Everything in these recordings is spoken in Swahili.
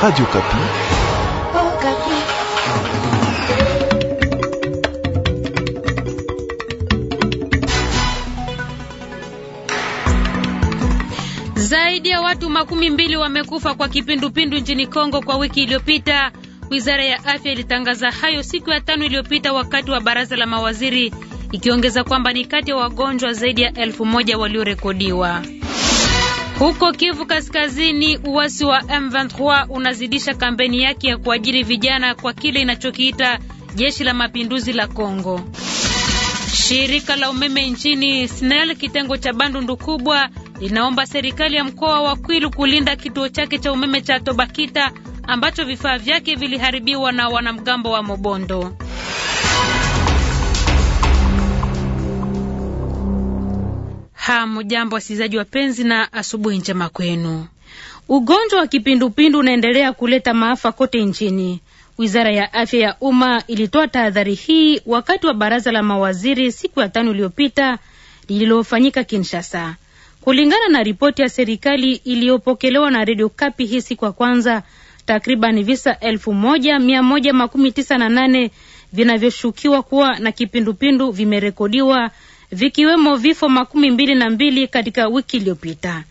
Radio Kapi. Oh, Kapi. Zaidi ya watu makumi mbili wamekufa kwa kipindupindu nchini Kongo kwa wiki iliyopita. Wizara ya Afya ilitangaza hayo siku ya tano iliyopita wakati wa baraza la mawaziri ikiongeza kwamba ni kati ya wagonjwa zaidi ya elfu moja waliorekodiwa. Huko Kivu Kaskazini, uasi wa M23 unazidisha kampeni yake ya kuajiri vijana kwa kile inachokiita jeshi la mapinduzi la Kongo. Shirika la umeme nchini SNEL kitengo cha Bandundu kubwa linaomba serikali ya mkoa wa Kwilu kulinda kituo chake cha umeme cha Tobakita ambacho vifaa vyake viliharibiwa na wanamgambo wa Mobondo. Hamjambo wasikilizaji wapenzi, na asubuhi njema kwenu. Ugonjwa wa kipindupindu unaendelea kuleta maafa kote nchini. Wizara ya afya ya umma ilitoa tahadhari hii wakati wa baraza la mawaziri siku ya tano iliyopita lililofanyika Kinshasa. Kulingana na ripoti ya serikali iliyopokelewa na redio Kapi hii siku ya kwanza, takriban visa elfu moja mia moja makumi tisa na nane vinavyoshukiwa kuwa na kipindupindu vimerekodiwa vikiwemo vifo makumi mbili na mbili katika wiki iliyopita.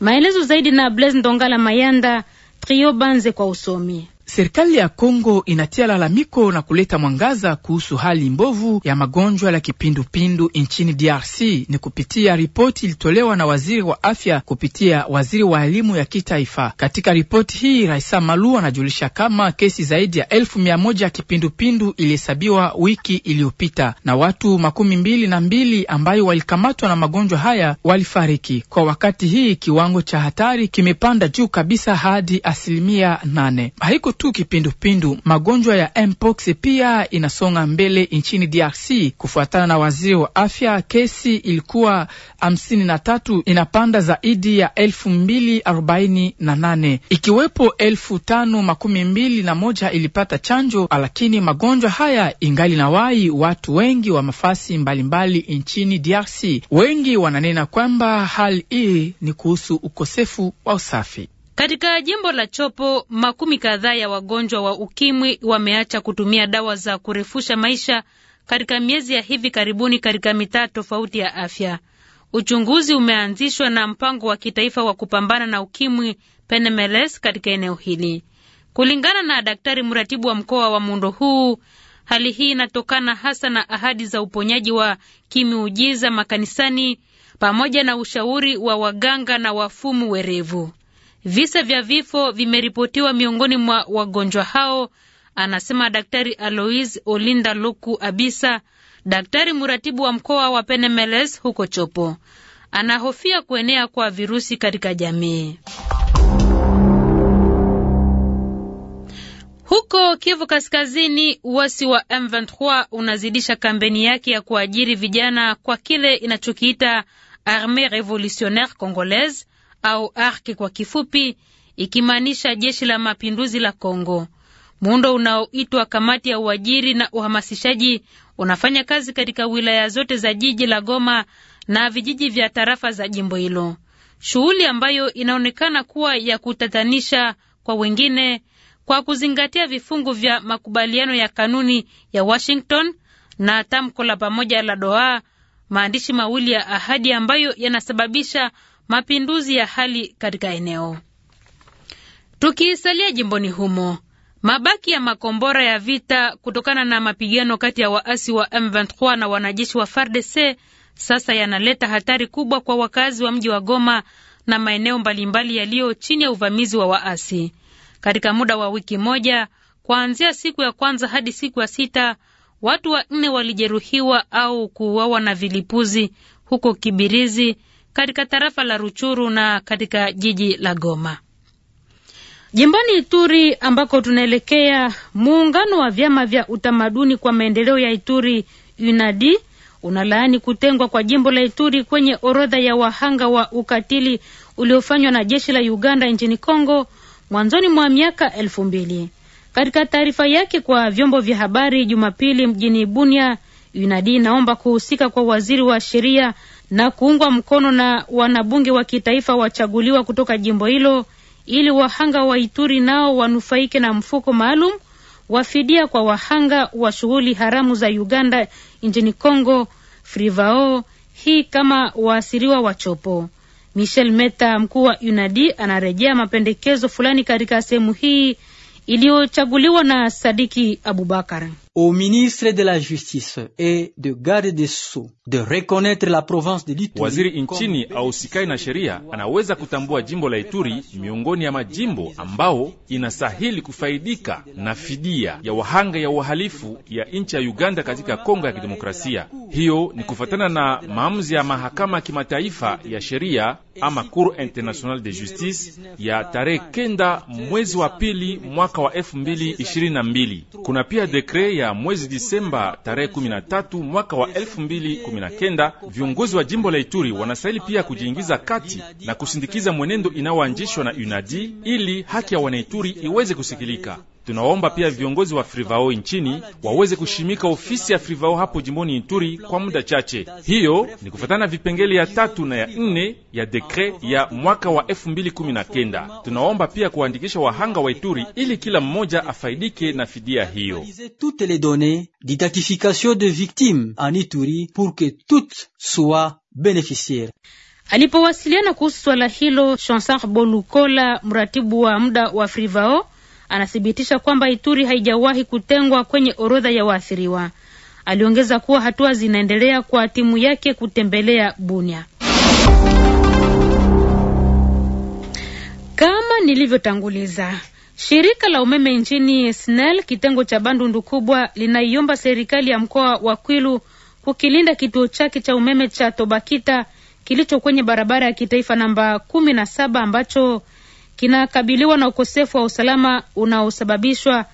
Maelezo zaidi na Blaise Ndongala Mayanda, Trio Banze kwa usomi. Serikali ya Kongo inatia lalamiko na kuleta mwangaza kuhusu hali mbovu ya magonjwa ya kipindupindu nchini DRC ni kupitia ripoti ilitolewa na waziri wa afya kupitia waziri wa elimu ya kitaifa. Katika ripoti hii, Raisa Malu anajulisha kama kesi zaidi ya elfu mia moja ya kipindupindu ilihesabiwa wiki iliyopita na watu makumi mbili na mbili ambayo walikamatwa na magonjwa haya walifariki. Kwa wakati hii kiwango cha hatari kimepanda juu kabisa hadi asilimia nane. Haiku tu kipindupindu. Magonjwa ya mpox pia inasonga mbele nchini DRC. Kufuatana na waziri wa afya, kesi ilikuwa hamsini na tatu inapanda zaidi ya elfu mbili arobaini na nane ikiwepo elfu tano makumi mbili na moja ilipata chanjo, lakini magonjwa haya ingali na wai watu wengi wa mafasi mbalimbali mbali nchini DRC. Wengi wananena kwamba hali hii ni kuhusu ukosefu wa usafi. Katika jimbo la Chopo, makumi kadhaa ya wagonjwa wa ukimwi wameacha kutumia dawa za kurefusha maisha katika miezi ya hivi karibuni katika mitaa tofauti ya afya. Uchunguzi umeanzishwa na mpango wa kitaifa wa kupambana na ukimwi Penemeles katika eneo hili. Kulingana na daktari mratibu wa mkoa wa muundo huu, hali hii inatokana hasa na ahadi za uponyaji wa kimiujiza makanisani pamoja na ushauri wa waganga na wafumu werevu. Visa vya vifo vimeripotiwa miongoni mwa wagonjwa hao, anasema Daktari Alois Olinda Luku Abisa, daktari mratibu wa mkoa wa Penemeles huko Chopo. Anahofia kuenea kwa virusi katika jamii. Huko Kivu Kaskazini, uasi wa M23 unazidisha kampeni yake ya kuajiri vijana kwa kile inachokiita Armee Revolutionnaire Congolaise au ARC kwa kifupi, ikimaanisha jeshi la mapinduzi la Kongo. Muundo unaoitwa kamati ya uajiri na uhamasishaji unafanya kazi katika wilaya zote za jiji la Goma na vijiji vya tarafa za jimbo hilo, shughuli ambayo inaonekana kuwa ya kutatanisha kwa wengine kwa kuzingatia vifungu vya makubaliano ya kanuni ya Washington na tamko la pamoja la Doha, maandishi mawili ya ahadi ambayo yanasababisha mapinduzi ya hali katika eneo. Tukiisalia jimboni humo, mabaki ya makombora ya vita kutokana na mapigano kati ya waasi wa M23 na wanajeshi wa FARDC sasa yanaleta hatari kubwa kwa wakazi wa mji wa Goma na maeneo mbalimbali yaliyo chini ya uvamizi wa waasi. Katika muda wa wiki moja kuanzia siku ya kwanza hadi siku ya sita, watu wanne walijeruhiwa au kuuawa na vilipuzi huko Kibirizi, katika tarafa la Ruchuru na katika jiji la Goma. jimbani Ituri ambako tunaelekea, muungano wa vyama vya utamaduni kwa maendeleo ya Ituri UNADI unalaani kutengwa kwa jimbo la Ituri kwenye orodha ya wahanga wa ukatili uliofanywa na jeshi la Uganda nchini Kongo mwanzoni mwa miaka elfu mbili. Katika taarifa yake kwa vyombo vya habari Jumapili mjini Bunia, UNADI inaomba kuhusika kwa waziri wa sheria na kuungwa mkono na wanabunge wa kitaifa wachaguliwa kutoka jimbo hilo ili wahanga wa Ituri nao wanufaike na mfuko maalum wafidia kwa wahanga wa shughuli haramu za Uganda nchini congo Frivao, hii kama waasiriwa wachopo. Michel Meta, mkuu wa UNADI, anarejea mapendekezo fulani katika sehemu hii iliyochaguliwa na Sadiki Abubakar au ministre de la Justice et de garde des Sceaux de reconnaître la province de l'Ituri. Waziri nchini ahusikaye na sheria anaweza kutambua jimbo la Ituri miongoni ya majimbo ambao inasahili kufaidika na fidia ya wahanga ya uhalifu ya nchi ya Uganda katika Kongo ya Kidemokrasia. Hiyo ni kufuatana na maamuzi ya mahakama ya kimataifa ya sheria ama Cour Internationale de Justice ya tarehe kenda mwezi wa pili mwaka wa 2022. Kuna pia dekre ya ya mwezi Disemba tarehe 13 mwaka wa 2019, viongozi wa jimbo la Ituri wanastahili pia kujiingiza kati na kusindikiza mwenendo inayoanzishwa na UNADI ili haki ya Wanaituri iweze kusikilika tunaomba pia viongozi wa Frivao nchini waweze kushimika ofisi ya Frivao hapo jimboni Ituri kwa muda chache. Hiyo ni kufatana vipengele ya tatu na ya nne ya dekre ya mwaka wa 2019. tunaomba pia kuandikisha wahanga wa Ituri ili kila mmoja afaidike na fidia hiyo. Alipowasiliana kuhusu swala hilo, Chansar Bolukola, mratibu wa muda wa Frivao anathibitisha kwamba Ituri haijawahi kutengwa kwenye orodha ya waathiriwa. Aliongeza kuwa hatua zinaendelea kwa timu yake kutembelea Bunia. Kama nilivyotanguliza, shirika la umeme nchini SNEL kitengo cha Bandundu kubwa linaiomba serikali ya mkoa wa Kwilu kukilinda kituo chake cha umeme cha Tobakita kilicho kwenye barabara ya kitaifa namba kumi na saba ambacho kinakabiliwa na ukosefu wa usalama unaosababishwa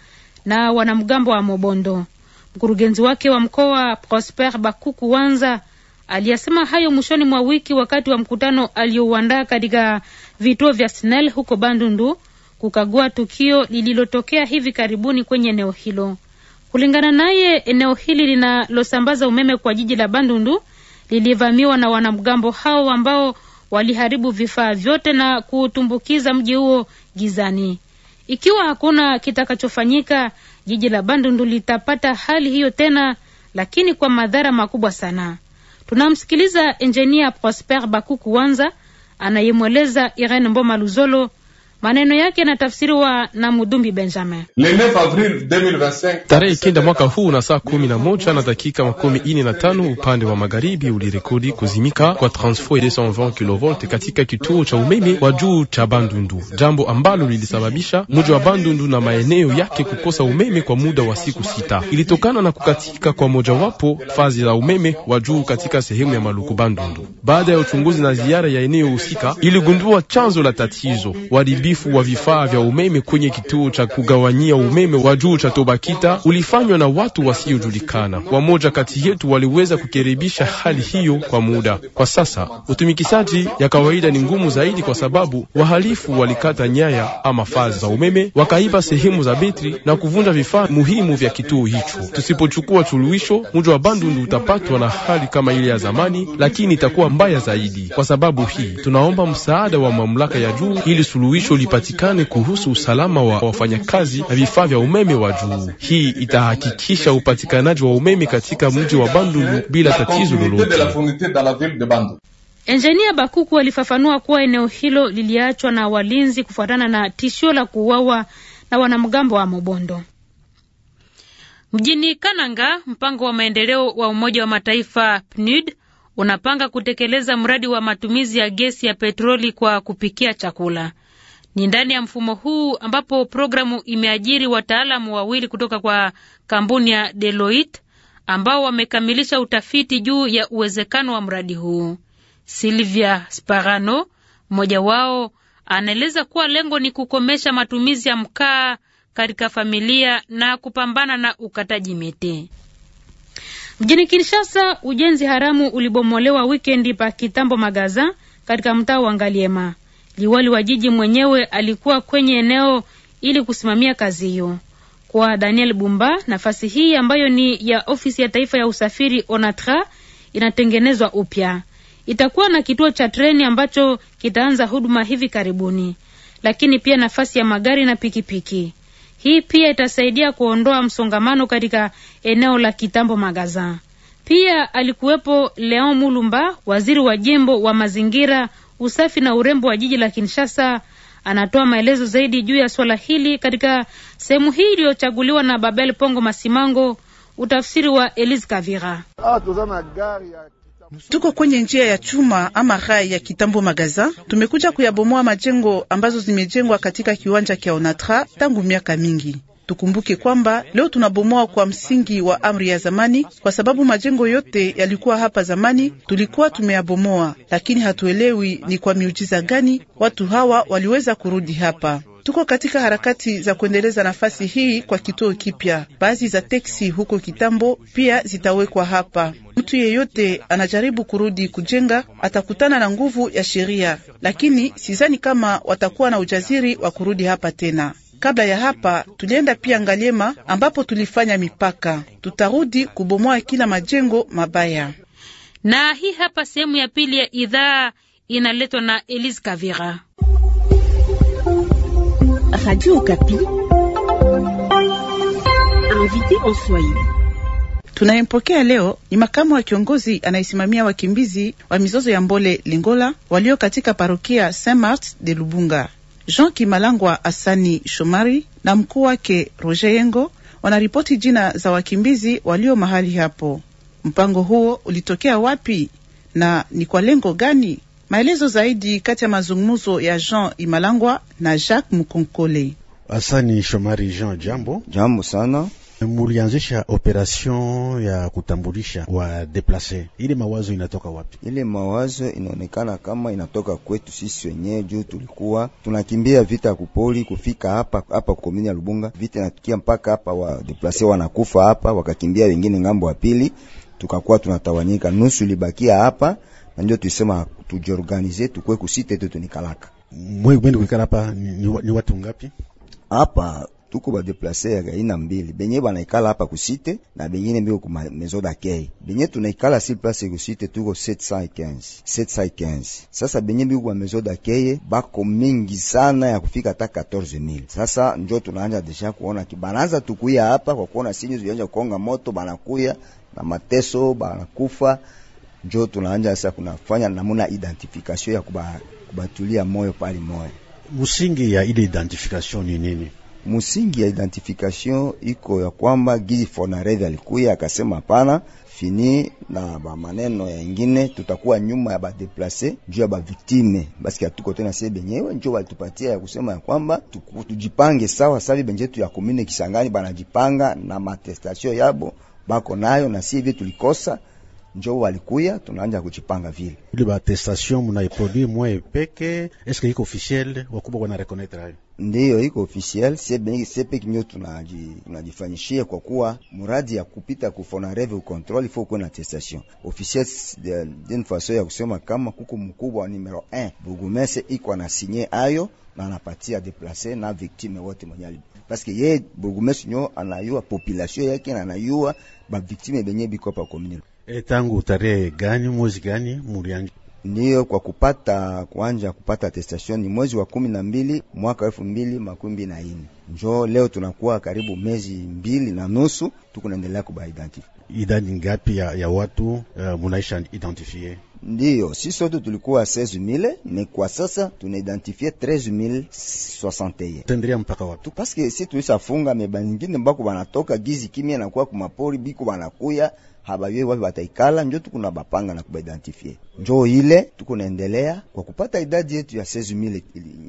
na wanamgambo wa Mobondo. Mkurugenzi wake wa mkoa Prosper Bakuku Wanza aliyasema hayo mwishoni mwa wiki wakati wa mkutano aliyouandaa katika vituo vya SNEL huko Bandundu kukagua tukio lililotokea hivi karibuni kwenye eneo hilo. Kulingana naye, eneo hili linalosambaza umeme kwa jiji la Bandundu lilivamiwa na wanamgambo hao ambao waliharibu vifaa vyote na kuutumbukiza mji huo gizani. Ikiwa hakuna kitakachofanyika, jiji la Bandundu litapata hali hiyo tena, lakini kwa madhara makubwa sana. Tunamsikiliza enjinia Prosper bakuku wanza anayemweleza Irene Mboma Luzolo Maneno yake yanatafsiriwa na Mudumbi Benjamin. Tarehe kenda mwaka huu na saa kumi na moja na dakika makumi ine na tano upande wa magharibi ulirekodi kuzimika kwa transfo 220 kV katika kituo cha umeme wa juu cha Bandundu, jambo ambalo lilisababisha mji wa Bandundu na maeneo yake kukosa umeme kwa muda wa siku sita. Ilitokana na kukatika kwa mojawapo fazi la umeme wa juu katika sehemu ya Maluku Bandundu. Baada ya uchunguzi na ziara ya eneo husika, iligundua chanzo la tatizo waribi uharibifu wa vifaa vya umeme kwenye kituo cha kugawanyia umeme wa juu cha Tobakita ulifanywa na watu wasiojulikana. Wamoja kati yetu waliweza kukerebisha hali hiyo kwa muda. Kwa sasa utumikishaji ya kawaida ni ngumu zaidi, kwa sababu wahalifu walikata nyaya ama fazi za umeme, wakaiba sehemu za betri na kuvunja vifaa muhimu vya kituo hicho. Tusipochukua suluhisho, mji wa Bandundu utapatwa na hali kama ile ya zamani, lakini itakuwa mbaya zaidi. Kwa sababu hii, tunaomba msaada wa mamlaka ya juu ili suluhisho suluhisho lipatikane kuhusu usalama wa wafanyakazi na vifaa vya umeme wa juu. Hii itahakikisha upatikanaji wa umeme katika mji wa Bandundu bila tatizo lolote. Enjinia Bakuku alifafanua kuwa eneo hilo liliachwa na walinzi kufuatana na tishio la kuuawa na wanamgambo wa Mobondo. Mjini Kananga, mpango wa maendeleo wa Umoja wa Mataifa PNUD unapanga kutekeleza mradi wa matumizi ya gesi ya petroli kwa kupikia chakula. Ni ndani ya mfumo huu ambapo programu imeajiri wataalamu wawili kutoka kwa kampuni ya Deloitte ambao wamekamilisha utafiti juu ya uwezekano wa mradi huu. Silvia Sparano, mmoja wao, anaeleza kuwa lengo ni kukomesha matumizi ya mkaa katika familia na kupambana na ukataji miti. Mjini Kinshasa, ujenzi haramu ulibomolewa wikendi pa Kitambo Magaza katika mtaa wa Ngaliema. Liwali wa jiji mwenyewe alikuwa kwenye eneo ili kusimamia kazi hiyo. Kwa Daniel Bumba, nafasi hii ambayo ni ya ofisi ya taifa ya usafiri ONATRA inatengenezwa upya. Itakuwa na kituo cha treni ambacho kitaanza huduma hivi karibuni, lakini pia nafasi ya magari na pikipiki. Hii pia itasaidia kuondoa msongamano katika eneo la Kitambo Magaza. Pia alikuwepo Leon Mulumba, waziri wa jimbo wa mazingira usafi na urembo wa jiji la Kinshasa. Anatoa maelezo zaidi juu ya swala hili katika sehemu hii iliyochaguliwa na Babel Pongo Masimango, utafsiri wa Elise Kavira. Ah, Tuko kwenye njia ya chuma ama rai ya kitambo magaza. Tumekuja kuyabomoa majengo ambazo zimejengwa katika kiwanja kya Onatra tangu miaka mingi. Tukumbuke kwamba leo tunabomoa kwa msingi wa amri ya zamani, kwa sababu majengo yote yalikuwa hapa zamani tulikuwa tumeyabomoa, lakini hatuelewi ni kwa miujiza gani watu hawa waliweza kurudi hapa. Tuko katika harakati za kuendeleza nafasi hii kwa kituo kipya. Baadhi za teksi huko kitambo pia zitawekwa hapa. Mtu yeyote anajaribu kurudi kujenga atakutana na nguvu ya sheria, lakini sizani kama watakuwa na ujaziri wa kurudi hapa tena. Kabla ya hapa tulienda pia Ngaliema ambapo tulifanya mipaka. Tutarudi kubomoa kila majengo mabaya. Na hii hapa sehemu ya pili ya idhaa inaletwa na Elise Kavira, Tunayempokea leo ni makamu wa kiongozi anayesimamia wakimbizi wa mizozo ya Mbole Lingola walio katika parokia Saint Mart de Lubunga. Jean Kimalangwa Asani Shomari na mkuu wake Roger Yengo wanaripoti jina za wakimbizi walio mahali hapo. Mpango huo ulitokea wapi na ni kwa lengo gani? Maelezo zaidi kati ya mazungumzo ya Jean Imalangwa na Jacques Mkonkole. Asani Shomari Jean, jambo. Jambo sana. Mulianzisha operation ya kutambulisha wa deplase, ile mawazo inatoka wapi? Ile mawazo inaonekana kama inatoka kwetu sisi wenyewe, juu tulikuwa tunakimbia vita ya kupoli kufika hapa hapa kukomini ya Lubunga, vita inatukia mpaka hapa, wa deplase wanakufa hapa, wakakimbia wengine ngambo ya pili, tukakuwa tunatawanyika, nusu libakia hapa, na ndio tulisema tujiorganize, tukue kusite tu tunikalaka mwe mwende kuikala hapa. Ni, ni, ni watu ngapi hapa tuko ba deplacer aina mbili benye banaikala hapa kusite na bengine mbio ku maison d'accueil benye tunaikala si place kusite tuko 715 715. Sasa benye mbio ku maison d'accueil bako mingi sana ya kufika hata 14000. Sasa njo tunaanza desha kuona kibanaza tukuya hapa kwa kuona sisi zianja kuonga moto banakuya na mateso banakufa, njo tunaanja sasa kunafanya namuna identification ya kubatulia kuba moyo pali moyo. Msingi ya ile identification ni nini? musingi ya identification iko ya kwamba Gizi Fonarevi alikuya akasema hapana fini na maneno ya ingine, tutakuwa nyuma ya badeplase juu ya baviktime. Basi hatuko tena sie benyewe, njo balitupatia ya kusema ya kwamba tujipange sawa savi, benjetu ya komine Kisangani banajipanga na matestation yabo bako nayo, na sie tulikosa njo walikuya tunaanja kuchipanga vile. Ile batestation mnaiproduire mwaye peke, eske iko officiel wakubwa wana reconnaître hayo Ndiyo, iko official sepe kinyo tunajifanyishia, kwa kuwa muradi ya kupita ku Fonareve control ifo kuwe na testation officiel d'une façon ya kusema kama kuko mkubwa wa numero 1 bugumese iko sinye ayo na anapatia deplace na victime wote mwenye paske ye bugumese nyo anayua population yake na anayua ba victime benye biko pa E, tangu tarehe gani mwezi gani mulianza? ndiyo kwa kupata kuanja kupata attestation ni mwezi wa kumi na mbili mwaka elfu mbili makumi mbili na ine njo leo tunakuwa karibu miezi mbili na nusu tukunaendelea kuba identify. Idadi ngapi ya, ya watu uh, munaisha identifie? Ndiyo, si sote tulikuwa 16000 me kwa sasa tunaidentifie 13061. Tendria mpaka watu Parce si tulisafunga mebaningine bako banatoka gizi kimia nakuwa kumapori biko banakuya habaye wapi bataikala, njo tuko na bapanga na kubaidentifie. Njo ile tuko naendelea kwa kupata idadi yetu ya 16000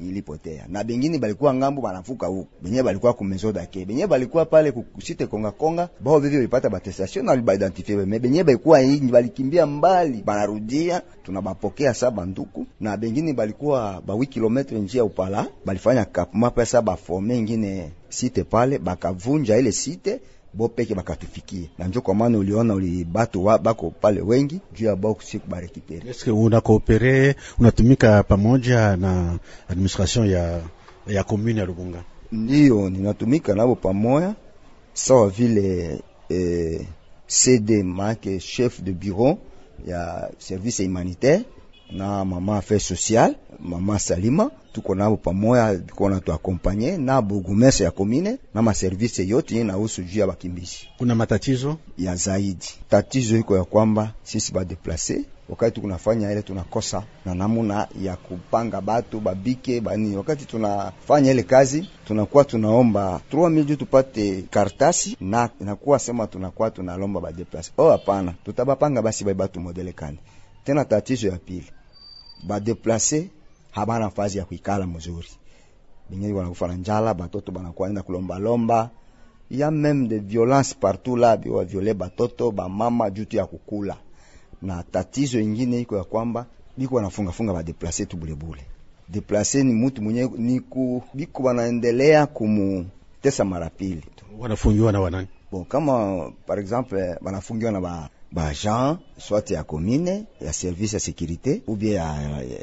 ilipotea, na bengine balikuwa ngambo banafuka huko, benye balikuwa ku maison dake, benye balikuwa pale kukusite konga konga, bao vivi walipata batestation na walibaidentifie, me benye balikuwa ingi balikimbia mbali, banarudia tunabapokea saba nduku, na bengine balikuwa ba 8 kilometre njia upala, balifanya cap map ya ingine site pale, bakavunja ile site bopeke bakatufikie na njo kwa maana uliona uli bato wa bako pale wengi juu ya bao kusi kubarekipere. Eske una koopere unatumika pamoja na administration ya ya commune ya Lubunga? Ndio, ninatumika nabo pamoya sawa vile eh, CD make chef de bureau ya service humanitaire na mama affaire sociale mama Salima tuko nabo pamoja, tuko na tuakompanye na burgomestre ya komine na maservisi yote inahusu juu ya bakimbizi. Kuna matatizo ya zaidi, tatizo iko ya kwamba sisi badeplase wakati tunafanya ile tunakosa na namuna ya kupanga batu babike bani. Wakati tunafanya ile kazi tunakuwa tunaomba 3000 tupate kartasi na inakuwa sema tunakuwa tunalomba badeplase. Oh, hapana, tutabapanga basi bai batu modele kani tena. Tatizo ya pili badeplase habana fazi ya kuikala mzuri, bengine wanakufa na njala, batoto banakuwa nenda kulombalomba ya meme de violence partout la biwa viole batoto ba mama jutu ya kukula, na tatizo ingine iko ya kwamba biko ba badeplase tu bule bule. Deplase ni mutu mwenye niku biko wanaendelea kumutesa marapili tu, wanafungiwa na wanani bon, kama par exemple wanafungiwa na ba bagent soit ya commune ya service ya sécurité ou bien ya,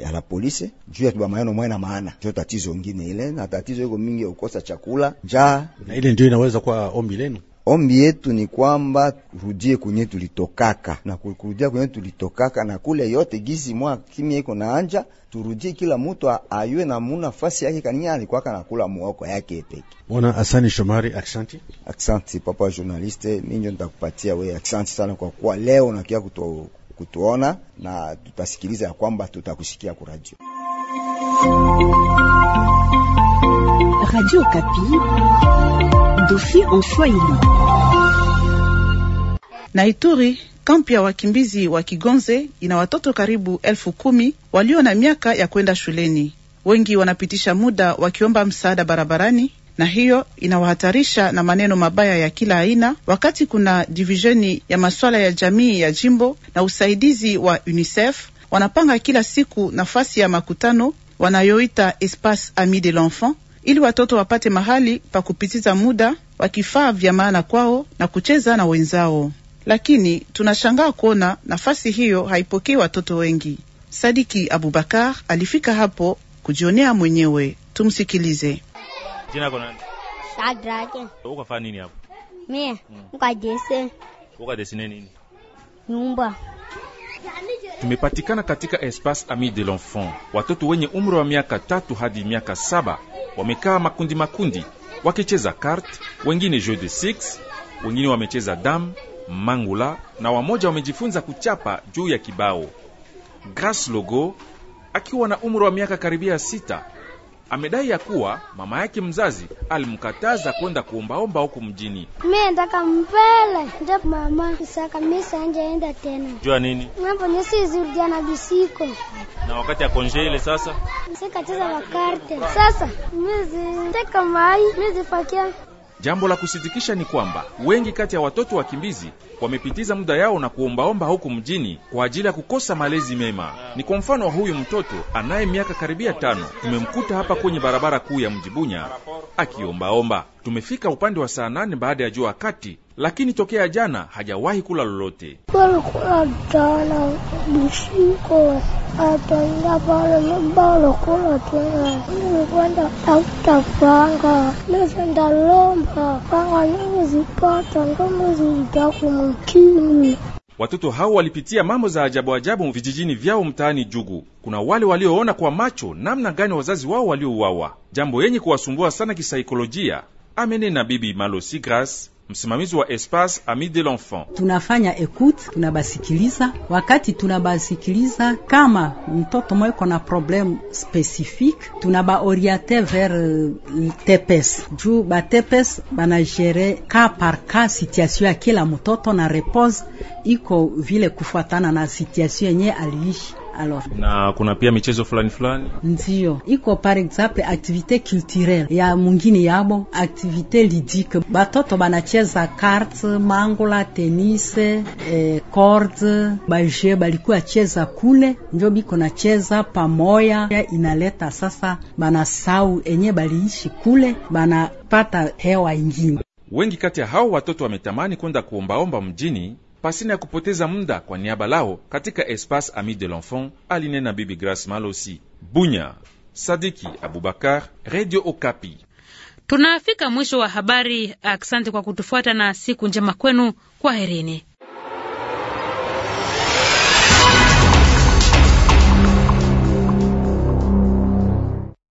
ya la polise juu ya kibamayano mwana maana, jo tatizo ngine ile, na tatizo iko mingi ya kukosa chakula, njaa, na ile ndio inaweza kuwa ombi lenu Ombi yetu ni kwamba rudie kwenye tulitokaka na kurudia kwenye tulitokaka na kule yote gizi mwa kimya iko na anja, turudie kila mtu ayue na muna fasi yake kania alikwaka na kula muoko yake peke. Bona Asani Shomari, aksanti. Aksanti papa journaliste, ninyo nitakupatia wewe aksanti sana kwa kuwa leo unakia kutu, kutuona na tutasikiliza ya kwamba tutakusikia kuradio Radio Kapi. Dofi en Swahili. Na Ituri, kampi ya wakimbizi wa Kigonze ina watoto karibu elfu kumi walio na miaka ya kwenda shuleni. Wengi wanapitisha muda wakiomba msaada barabarani na hiyo inawahatarisha na maneno mabaya ya kila aina, wakati kuna divisheni ya masuala ya jamii ya jimbo na usaidizi wa UNICEF wanapanga kila siku nafasi ya makutano wanayoita Espace Ami de l'Enfant ili watoto wapate mahali pa kupitiza muda wa kifaa vya maana kwao na kucheza na wenzao, lakini tunashangaa kuona nafasi hiyo haipokei watoto wengi. Sadiki Abubakar alifika hapo kujionea mwenyewe, tumsikilize. Jina kwa nani? Sadrake. Uko nini hapo? Mie, hmm. uka dese. nini? Nyumba. Tumepatikana katika Espace Ami de l'Enfant. Watoto wenye umri wa miaka tatu hadi miaka saba wamekaa makundi makundi, wakicheza kart, wengine jeu de six, wengine wamecheza dam mangula, na wamoja wamejifunza kuchapa juu ya kibao. Grace Logo akiwa na umri wa miaka karibia sita Amedai ya kuwa mama yake mzazi alimkataza kwenda kuombaomba huku mjini. Mi ndaka mbele ndipo mama saka isaka mimi enda tena. Jua nini? Mambo ni si zuri jana bisiko. Na wakati ya konje ile sasa? Sika wakarte Sasa mizi teka mai, mizi fakia Jambo la kusitikisha ni kwamba wengi kati ya watoto wakimbizi wamepitiza muda yao na kuombaomba huku mjini kwa ajili ya kukosa malezi mema. Ni kwa mfano wa huyu mtoto anaye miaka karibia tano, tumemkuta hapa kwenye barabara kuu ya mji Bunya akiombaomba. Tumefika upande wa saa nane baada ya jua kati lakini tokea jana hajawahi kula lolote. Walikula jana usiku, ataenda pale nyumba, walikula tena. Nilikwenda tafuta Watoto hao walipitia mambo za ajabu ajabu vijijini vyao mtaani Jugu. Kuna wale walioona kwa macho namna gani wazazi wao waliouawa, jambo yenye kuwasumbua sana kisaikolojia, amenena Bibi Malosigras msimamizi wa Espace Ami de l'Enfant. Tunafanya ekute, tunabasikiliza. Wakati tunabasikiliza, kama mtoto mweko na probleme spesifike, tunabaoriente vers euh, TPS juu ba TPS banagere ka par ka situation ya kila mtoto na repose iko vile kufuatana na situation yenye aliishi alors. Na kuna pia michezo fulani fulani ndio iko, par exemple activite culturelle ya mungini yabo activite ludique, batoto banacheza karte mangula, tennis, eh, corde baje balikuwa cheza kule, njo biko nacheza pamoya, inaleta sasa banasau enye baliishi kule, banapata hewa ingine. Wengi kati ya hao watoto wametamani kwenda kuombaomba mjini pasina ya kupoteza muda kwa niaba lao katika Espace Ami de l'Enfant, alinena Bibi Grace Malosi. Bunya, Sadiki Abubakar, Radio Okapi. Tunafika mwisho wa habari. Asante kwa kutufuata na siku njema kwenu. Kwaherini.